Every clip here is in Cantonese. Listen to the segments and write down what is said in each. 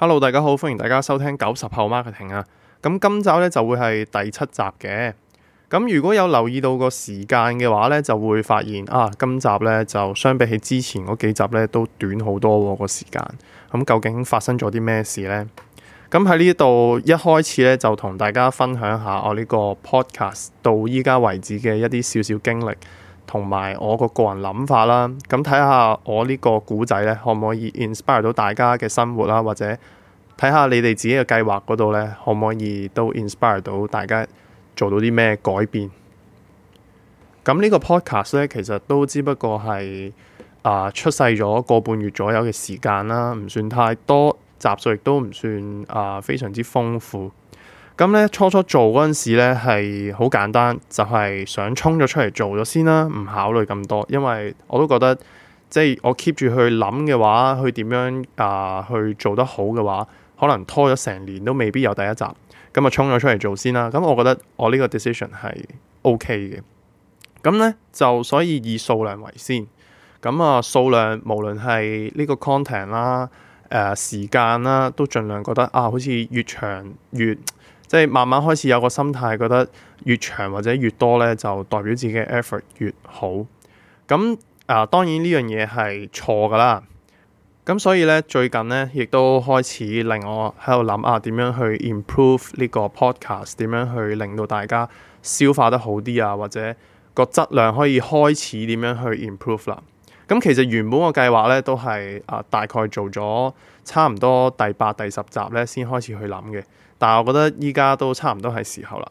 Hello，大家好，歡迎大家收聽九十後 marketing 啊。咁今集咧就會係第七集嘅。咁如果有留意到個時間嘅話咧，就會發現啊，今集咧就相比起之前嗰幾集咧都短好多喎個時間。咁究竟發生咗啲咩事呢？咁喺呢度一開始咧就同大家分享下我呢個 podcast 到依家為止嘅一啲少少經歷。同埋我個個人諗法啦，咁睇下我個呢個古仔咧，可唔可以 inspire 到大家嘅生活啦，或者睇下你哋自己嘅計劃嗰度咧，可唔可以都 inspire 到大家做到啲咩改變？咁呢個 podcast 咧，其實都只不過係啊、呃、出世咗個半月左右嘅時間啦，唔算太多集數，亦都唔算啊非常之豐富。咁咧初初做嗰陣時咧係好簡單，就係、是、想衝咗出嚟做咗先啦，唔考慮咁多，因為我都覺得即係我 keep 住去諗嘅話，去點樣啊、呃、去做得好嘅話，可能拖咗成年都未必有第一集。咁啊，衝咗出嚟做先啦。咁我覺得我個、OK、呢個 decision 係 OK 嘅。咁咧就所以以數量為先。咁啊，數量無論係呢個 content 啦、誒、呃、時間啦，都儘量覺得啊，好似越長越～即係慢慢開始有個心態，覺得越長或者越多咧，就代表自己嘅 effort 越好。咁啊，當然呢樣嘢係錯㗎啦。咁所以咧，最近咧亦都開始令我喺度諗啊，點樣去 improve 呢個 podcast？點樣去令到大家消化得好啲啊？或者個質量可以開始點樣去 improve 啦？咁其實原本個計劃咧都係啊、呃，大概做咗差唔多第八、第十集咧先開始去諗嘅。但係我覺得依家都差唔多係時候啦。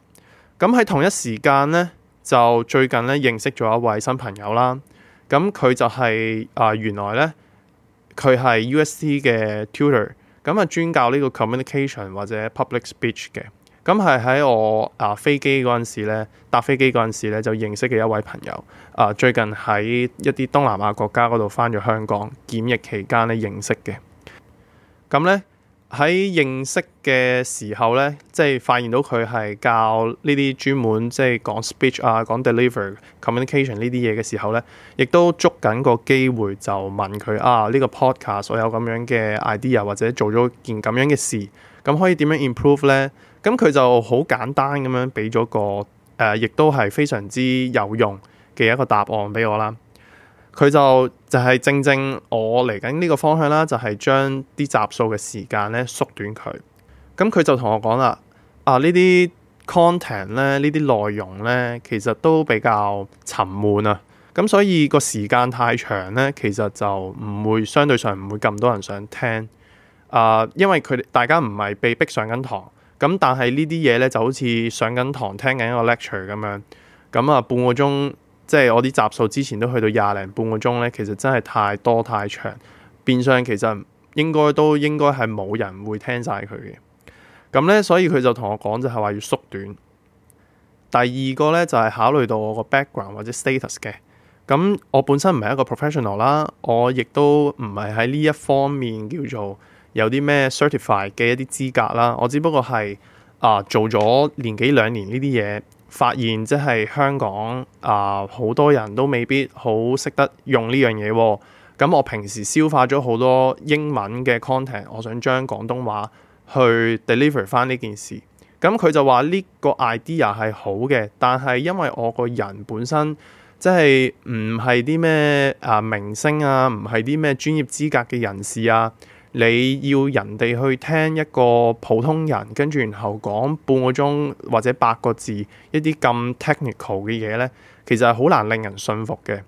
咁喺同一時間咧，就最近咧認識咗一位新朋友啦。咁佢就係、是、啊、呃，原來咧佢係 U.S.C 嘅 Tutor，咁啊專教呢個 communication 或者 public speech 嘅。咁係喺我啊飛機嗰陣時咧，搭飛機嗰陣時咧就認識嘅一位朋友啊，最近喺一啲東南亞國家嗰度返咗香港，檢疫期間咧認識嘅，咁咧。喺認識嘅時候咧，即係發現到佢係教呢啲專門即係講 speech 啊、講 deliver communication 呢啲嘢嘅時候咧，亦都捉緊個機會就問佢啊呢個 podcast 所有咁樣嘅 idea 或者做咗件咁樣嘅事，咁可以點樣 improve 咧？咁佢就好簡單咁樣俾咗個誒，亦都係非常之有用嘅一個答案俾我啦。佢就就係正正我嚟緊呢個方向啦，就係將啲集數嘅時間咧縮短佢。咁佢就同我講啦，啊呢啲 content 咧，呢啲內容咧，其實都比較沉悶啊。咁所以個時間太長咧，其實就唔會相對上唔會咁多人想聽啊，因為佢大家唔係被逼上緊堂。咁、啊、但係呢啲嘢咧就好似上緊堂聽緊一個 lecture 咁樣。咁啊半個鐘。即係我啲集數之前都去到廿零半個鐘咧，其實真係太多太長，變相其實應該都應該係冇人會聽晒佢嘅。咁咧，所以佢就同我講就係話要縮短。第二個咧就係考慮到我個 background 或者 status 嘅。咁我本身唔係一個 professional 啦，我亦都唔係喺呢一方面叫做有啲咩 certified 嘅一啲資格啦。我只不過係啊做咗年幾兩年呢啲嘢。發現即係香港啊，好、呃、多人都未必好識得用呢樣嘢。咁、嗯、我平時消化咗好多英文嘅 content，我想將廣東話去 deliver 返呢件事。咁、嗯、佢就話呢個 idea 係好嘅，但係因為我個人本身即係唔係啲咩啊明星啊，唔係啲咩專業資格嘅人士啊。你要人哋去聽一個普通人，跟住然後講半個鐘或者八個字，一啲咁 technical 嘅嘢呢，其實係好難令人信服嘅。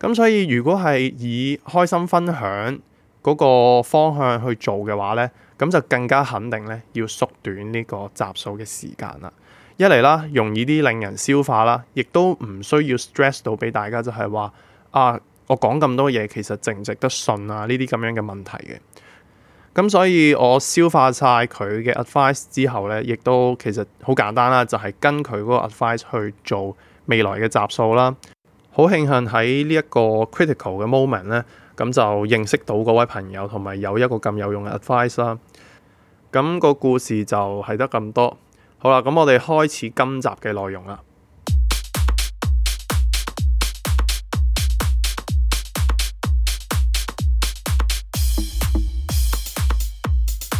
咁所以如果係以開心分享嗰個方向去做嘅話呢，咁就更加肯定呢，要縮短呢個集數嘅時間啦。一嚟啦，容易啲令人消化啦，亦都唔需要 stress 到俾大家就係話啊，我講咁多嘢其實值唔值得信啊？呢啲咁樣嘅問題嘅。咁所以，我消化晒佢嘅 advice 之後呢，亦都其實好簡單啦，就係、是、跟佢嗰個 advice 去做未來嘅集數啦。好慶幸喺呢一個 critical 嘅 moment 呢，咁就認識到嗰位朋友，同埋有一個咁有用嘅 advice 啦。咁、那個故事就係得咁多。好啦，咁我哋開始今集嘅內容啦。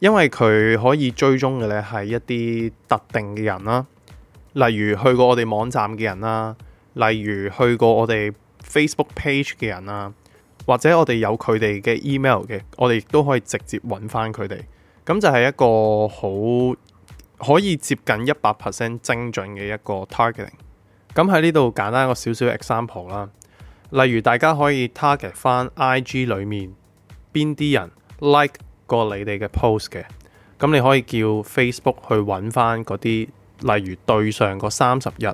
因為佢可以追蹤嘅咧係一啲特定嘅人啦，例如去過我哋網站嘅人啦，例如去過我哋 Facebook page 嘅人啦，或者我哋有佢哋嘅 email 嘅，我哋亦都可以直接揾翻佢哋。咁就係一個好可以接近一百 percent 精準嘅一個 targeting。咁喺呢度簡單一個少少 example 啦，例如大家可以 target 翻 IG 裏面邊啲人 like。過你哋嘅 post 嘅，咁你可以叫 Facebook 去揾翻嗰啲，例如對上個三十日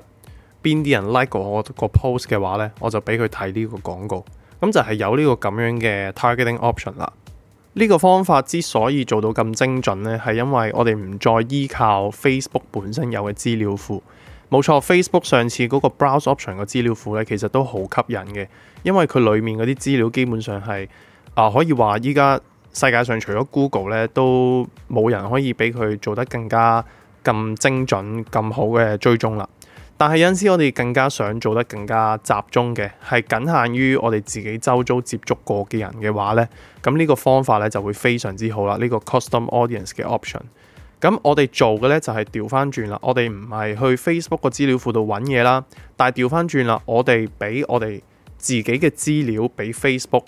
邊啲人 like 我個 post 嘅話呢，我就俾佢睇呢個廣告。咁就係有呢個咁樣嘅 targeting option 啦。呢、呢個方法之所以做到咁精準呢，係因為我哋唔再依靠 Facebook 本身有嘅資料庫。冇錯，Facebook 上次嗰個 browse option 嘅資料庫呢，其實都好吸引嘅，因為佢裏面嗰啲資料基本上係啊、呃，可以話依家。世界上除咗 Google 咧，都冇人可以比佢做得更加咁精準咁好嘅追蹤啦。但係有陣時我哋更加想做得更加集中嘅，係僅限於我哋自己周遭接觸過嘅人嘅話咧，咁呢個方法咧就會非常之好啦。這個、呢個 custom audience 嘅 option，咁我哋做嘅咧就係調翻轉啦。我哋唔係去 Facebook 個資料庫度揾嘢啦，但係調翻轉啦，我哋俾我哋自己嘅資料俾 Facebook。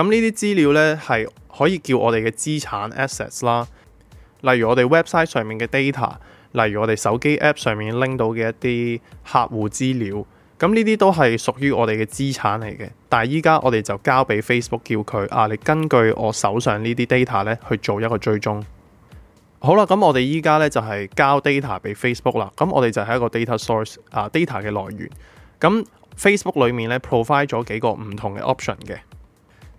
咁呢啲資料呢，係可以叫我哋嘅資產 assets 啦，例如我哋 website 上面嘅 data，例如我哋手機 app 上面拎到嘅一啲客戶資料。咁呢啲都係屬於我哋嘅資產嚟嘅。但係依家我哋就交俾 Facebook 叫佢啊，你根據我手上呢啲 data 呢去做一個追蹤。好啦，咁我哋依家呢，就係、是、交 data 俾 Facebook 啦。咁我哋就係一個 data source 啊，data 嘅來源。咁 Facebook 裡面呢 provide 咗幾個唔同嘅 option 嘅。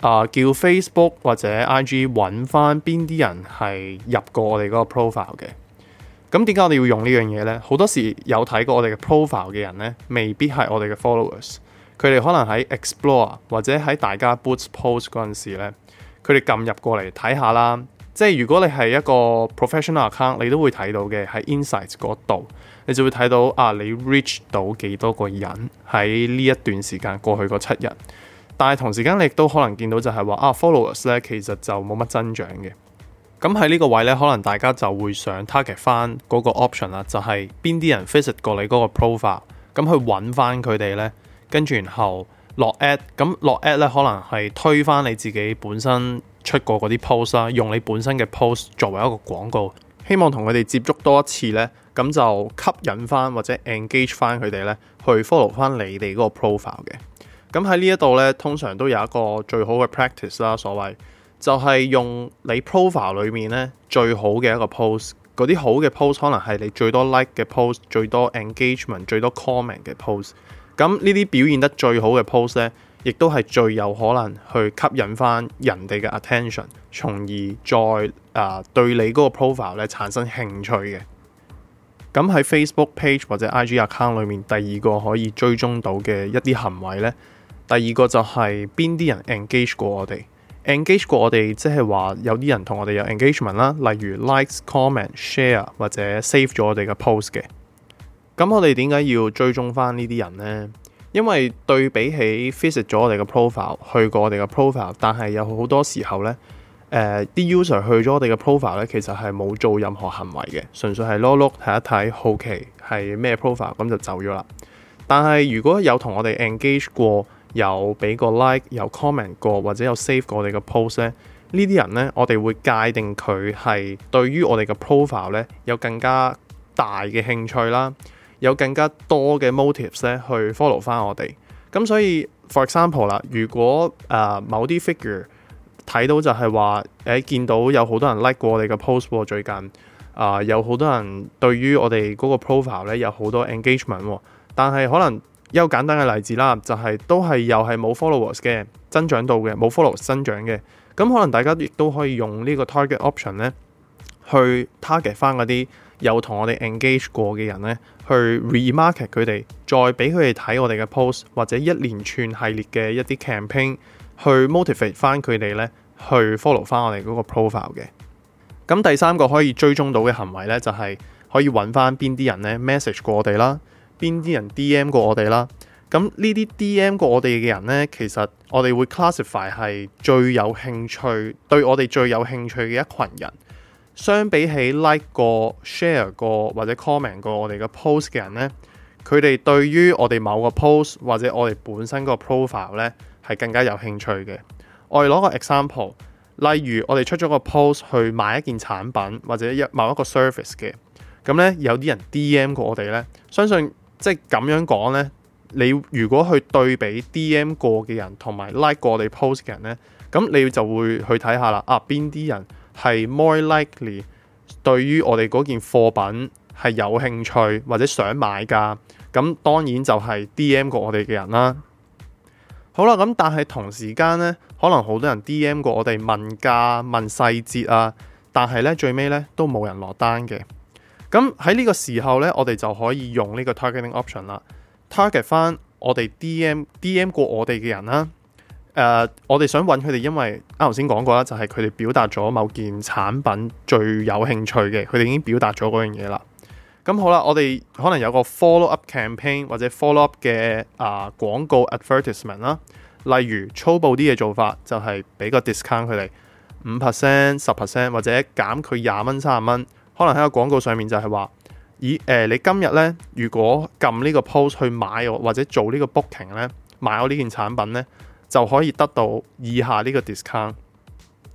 啊！Uh, 叫 Facebook 或者 IG 揾翻邊啲人係入過我哋嗰個 profile 嘅。咁點解我哋要用呢樣嘢呢？好多時有睇過我哋嘅 profile 嘅人呢，未必係我哋嘅 followers。佢哋可能喺 Explore 或者喺大家 Boost Post 嗰陣時呢，佢哋撳入過嚟睇下啦。即係如果你係一個 professional account，你都會睇到嘅喺 Insights 嗰度，你就會睇到啊，你 reach 到幾多個人喺呢一段時間過去嗰七日。但係同時間，你亦都可能見到就係話啊，followers 咧其實就冇乜增長嘅。咁喺呢個位咧，可能大家就會想 target 翻嗰個 option 啦，就係邊啲人 visit 過你嗰個 profile，咁去揾翻佢哋咧，跟住然後落 ad，咁落 ad 咧可能係推翻你自己本身出過嗰啲 post 啦，用你本身嘅 post 作為一個廣告，希望同佢哋接觸多一次咧，咁就吸引翻或者 engage 翻佢哋咧，去 follow 翻你哋嗰個 profile 嘅。咁喺呢一度咧，通常都有一個最好嘅 practice 啦，所謂就係、是、用你 profile 裏面咧最好嘅一個 post，嗰啲好嘅 post 可能係你最多 like 嘅 post，最多 engagement、最多 comment 嘅 post。咁呢啲表現得最好嘅 post 咧，亦都係最有可能去吸引返人哋嘅 attention，從而再啊、uh，對你嗰個 profile 咧產生興趣嘅。咁喺 Facebook page 或者 IG account 裏面，第二個可以追蹤到嘅一啲行為咧。第二個就係邊啲人 engage 過我哋，engage 過我哋即係話有啲人同我哋有 engagement 啦，例如 likes、comment、share 或者 save 咗我哋嘅 post 嘅。咁我哋點解要追蹤返呢啲人呢？因為對比起 visit 咗我哋嘅 profile，去過我哋嘅 profile，但係有好多時候呢，誒啲、呃、user 去咗我哋嘅 profile 咧，其實係冇做任何行為嘅，純粹係攞 look 睇一睇，好奇係咩 profile，咁就走咗啦。但係如果有同我哋 engage 過。有俾個 like，有 comment 過，或者有 save 過我哋嘅 post 咧，呢啲人呢，我哋會界定佢係對於我哋嘅 profile 呢，有更加大嘅興趣啦，有更加多嘅 motives 呢去 follow 翻我哋。咁所以 for example 啦，如果誒、呃、某啲 figure 睇到就係話誒見到有好多人 like 過我哋嘅 post 最近啊、呃、有好多人對於我哋嗰個 profile 呢，有好多 engagement，但係可能。一個簡單嘅例子啦，就係都係又係冇 followers 嘅增長到嘅，冇 followers 增長嘅，咁可能大家亦都可以用呢個 target option 咧，去 target 翻嗰啲有同我哋 engage 過嘅人咧，去 remarket 佢哋，再俾佢哋睇我哋嘅 post 或者一連串系列嘅一啲 campaign，去 motivate 翻佢哋咧，去 follow 翻我哋嗰個 profile 嘅。咁第三個可以追蹤到嘅行為咧，就係可以揾翻邊啲人咧 message 過我哋啦。邊啲人 DM 過我哋啦？咁呢啲 DM 過我哋嘅人呢，其實我哋會 classify 係最有興趣，對我哋最有興趣嘅一群人。相比起 like 過、share 過或者 comment 過我哋嘅 post 嘅人呢，佢哋對於我哋某個 post 或者我哋本身個 profile 呢係更加有興趣嘅。我哋攞個 example，例，例如我哋出咗個 post 去買一件產品或者某一個 service 嘅，咁呢，有啲人 DM 過我哋呢，相信。即係咁樣講呢，你如果去對比 DM 過嘅人同埋 like 過我哋 post 嘅人呢，咁你就會去睇下啦。啊，邊啲人係 more likely 對於我哋嗰件貨品係有興趣或者想買㗎？咁當然就係 DM 過我哋嘅人啦。好啦，咁但係同時間呢，可能好多人 DM 過我哋問價問細節啊，但係呢，最尾呢都冇人落單嘅。咁喺呢個時候呢，我哋就可以用呢個 targeting option 啦，target 翻我哋 DM DM 過我哋嘅人啦。誒、呃，我哋想揾佢哋，因為啱頭先講過啦，就係佢哋表達咗某件產品最有興趣嘅，佢哋已經表達咗嗰樣嘢啦。咁好啦，我哋可能有個 follow up campaign 或者 follow up 嘅啊廣告 advertisement 啦，例如粗暴啲嘅做法就係、是、俾個 discount 佢哋五 percent、十 percent 或者減佢廿蚊、三十蚊。可能喺個廣告上面就係話，咦誒、呃，你今日呢，如果撳呢個 post 去買我或者做呢個 booking 呢，買我呢件產品呢，就可以得到以下呢個 discount。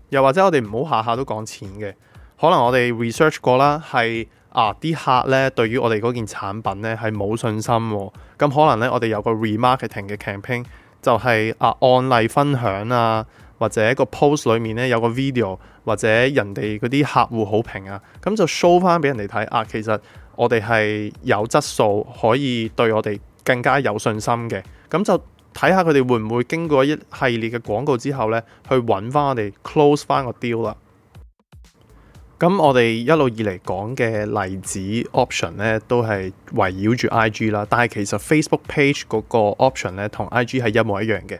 又或者我哋唔好下下都講錢嘅，可能我哋 research 過啦，係啊啲客呢對於我哋嗰件產品呢係冇信心喎，咁可能呢，我哋有個 remarketing 嘅 campaign 就係、是、啊案例分享啊。或者個 post 裏面咧有個 video，或者人哋嗰啲客戶好評啊，咁就 show 翻俾人哋睇啊。其實我哋係有質素，可以對我哋更加有信心嘅。咁就睇下佢哋會唔會經過一系列嘅廣告之後呢，去揾翻我哋 close 翻個 deal 啦。咁我哋一路以嚟講嘅例子 option 呢，都係圍繞住 IG 啦。但係其實 Facebook page 嗰個 option 呢，同 IG 係一模一樣嘅。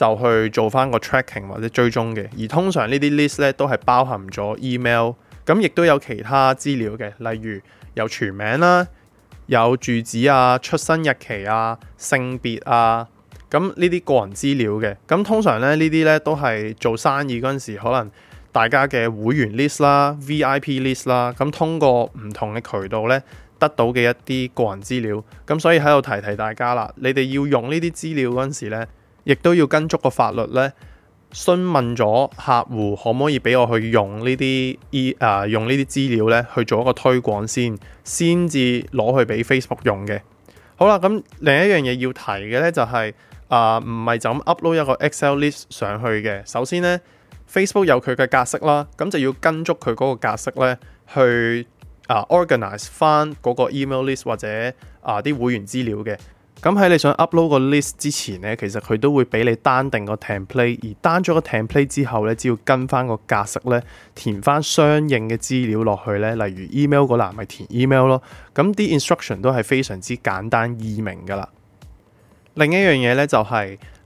就去做翻個 tracking 或者追蹤嘅，而通常呢啲 list 咧都係包含咗 email，咁亦都有其他資料嘅，例如有全名啦、啊，有住址啊、出生日期啊、性別啊，咁呢啲個人資料嘅。咁通常咧呢啲咧都係做生意嗰陣時，可能大家嘅會員 list 啦、VIP list 啦，咁通過唔同嘅渠道咧得到嘅一啲個人資料。咁所以喺度提提大家啦，你哋要用呢啲資料嗰陣時咧。亦都要跟足個法律咧，詢問咗客戶可唔可以俾我去用、呃、用呢啲 email，用呢啲資料咧去做一個推廣先，先至攞去俾 Facebook 用嘅。好啦，咁另一樣嘢要提嘅咧就係、是、啊，唔、呃、係就咁 upload 一個 Excel list 上去嘅。首先咧，Facebook 有佢嘅格式啦，咁就要跟足佢嗰個格式咧去啊、呃、organize 翻嗰個 email list 或者啊啲、呃、會員資料嘅。咁喺你想 upload 個 list 之前呢，其實佢都會俾你單定個 template，而單咗個 template 之後呢，只要跟翻個格式呢，填翻相應嘅資料落去呢，例如 email 嗰欄咪填 email 咯。咁啲 instruction 都係非常之簡單易明噶啦。另一樣嘢呢，就係、是。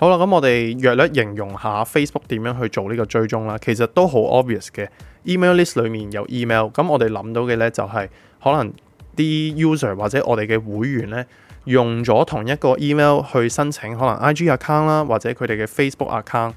好啦，咁我哋略略形容下 Facebook 點樣去做呢個追蹤啦。其實都好 obvious 嘅 email list 裏面有 email，咁我哋諗到嘅呢就係、是、可能啲 user 或者我哋嘅會員呢，用咗同一個 email 去申請可能 IG account 啦，或者佢哋嘅 Facebook account。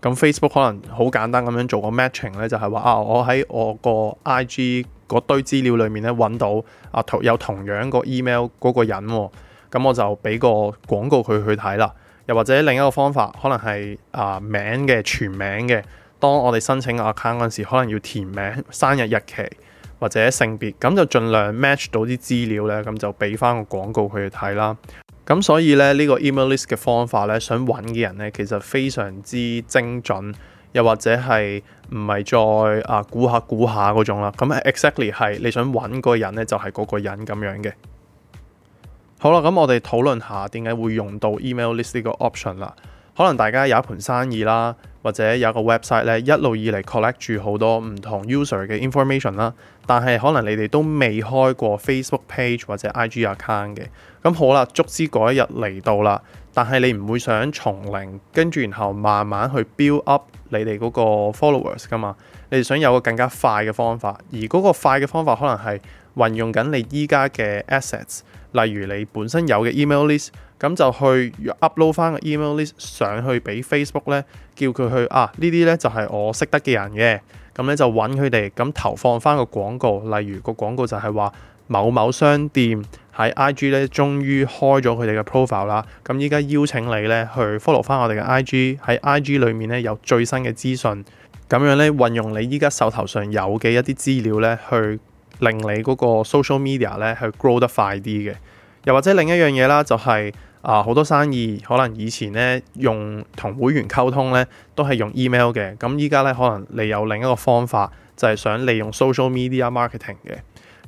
咁 Facebook 可能好簡單咁樣做個 matching 呢，就係、是、話啊，我喺我個 IG 嗰堆資料裏面呢，揾到啊同有同樣個 email 嗰個人、喔，咁我就俾個廣告佢去睇啦。又或者另一個方法，可能係啊、呃、名嘅全名嘅，當我哋申請 account 嗰陣時，可能要填名、生日日期或者性別，咁就盡量 match 到啲資料咧，咁就俾翻個廣告佢去睇啦。咁所以咧呢、呢個 email list 嘅方法咧，想揾嘅人咧，其實非常之精準，又或者係唔係再啊估下估下嗰種啦？咁 exactly 係你想揾嗰、就是、個人咧，就係嗰個人咁樣嘅。好啦，咁我哋討論下點解會用到 Email List 呢個 option 啦。可能大家有一盤生意啦，或者有一個 website 咧，一路以嚟 collect 住好多唔同 user 嘅 information 啦。但係可能你哋都未開過 Facebook page 或者 IG account 嘅。咁好啦，直至嗰一日嚟到啦，但係你唔會想從零跟住然後慢慢去 build up 你哋嗰個 followers 噶嘛？你哋想有個更加快嘅方法，而嗰個快嘅方法可能係。運用緊你依家嘅 assets，例如你本身有嘅 email list，咁就去 upload 翻個 email list 上去俾 Facebook 咧，叫佢去啊，呢啲咧就係我識得嘅人嘅，咁咧就揾佢哋咁投放翻個廣告，例如個廣告就係話某某商店喺 IG 咧，終於開咗佢哋嘅 profile 啦。咁依家邀請你咧去 follow 翻我哋嘅 IG，喺 IG 裏面咧有最新嘅資訊，咁樣咧運用你依家手頭上有嘅一啲資料咧去。令你嗰個 social media 咧係 grow 得快啲嘅，又或者另一樣嘢啦，就係啊好多生意可能以前咧用同會員溝通咧都係用 email 嘅，咁依家咧可能你有另一個方法就係、是、想利用 social media marketing 嘅，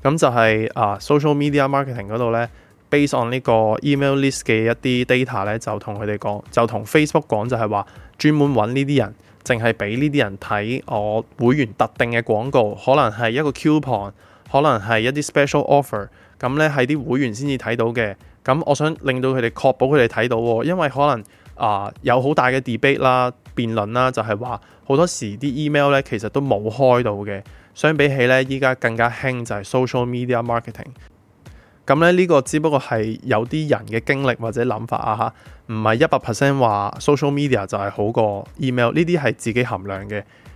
咁就係、是、啊、呃、social media marketing 嗰度咧，based on 呢個 email list 嘅一啲 data 咧就同佢哋講，就同 Facebook 講，就係話專門揾呢啲人，淨係俾呢啲人睇我會員特定嘅廣告，可能係一個 coupon。可能係一啲 special offer，咁呢係啲會員先至睇到嘅。咁我想令到佢哋確保佢哋睇到，因為可能啊、呃、有好大嘅 debate 啦、辯論啦，就係話好多時啲 email 呢其實都冇開到嘅。相比起呢，依家更加興就係 social media marketing。咁咧呢個只不過係有啲人嘅經歷或者諗法啊，吓唔係一百 percent 話 social media 就係好過 email。呢啲係自己衡量嘅。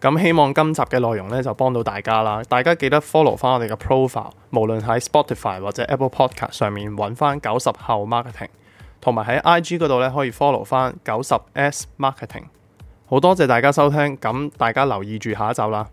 咁希望今集嘅內容呢就幫到大家啦，大家記得 follow 翻我哋嘅 profile，無論喺 Spotify 或者 Apple Podcast 上面揾翻九十後 marketing，同埋喺 IG 嗰度呢可以 follow 翻九十 S marketing。好多謝大家收聽，咁大家留意住下一集啦。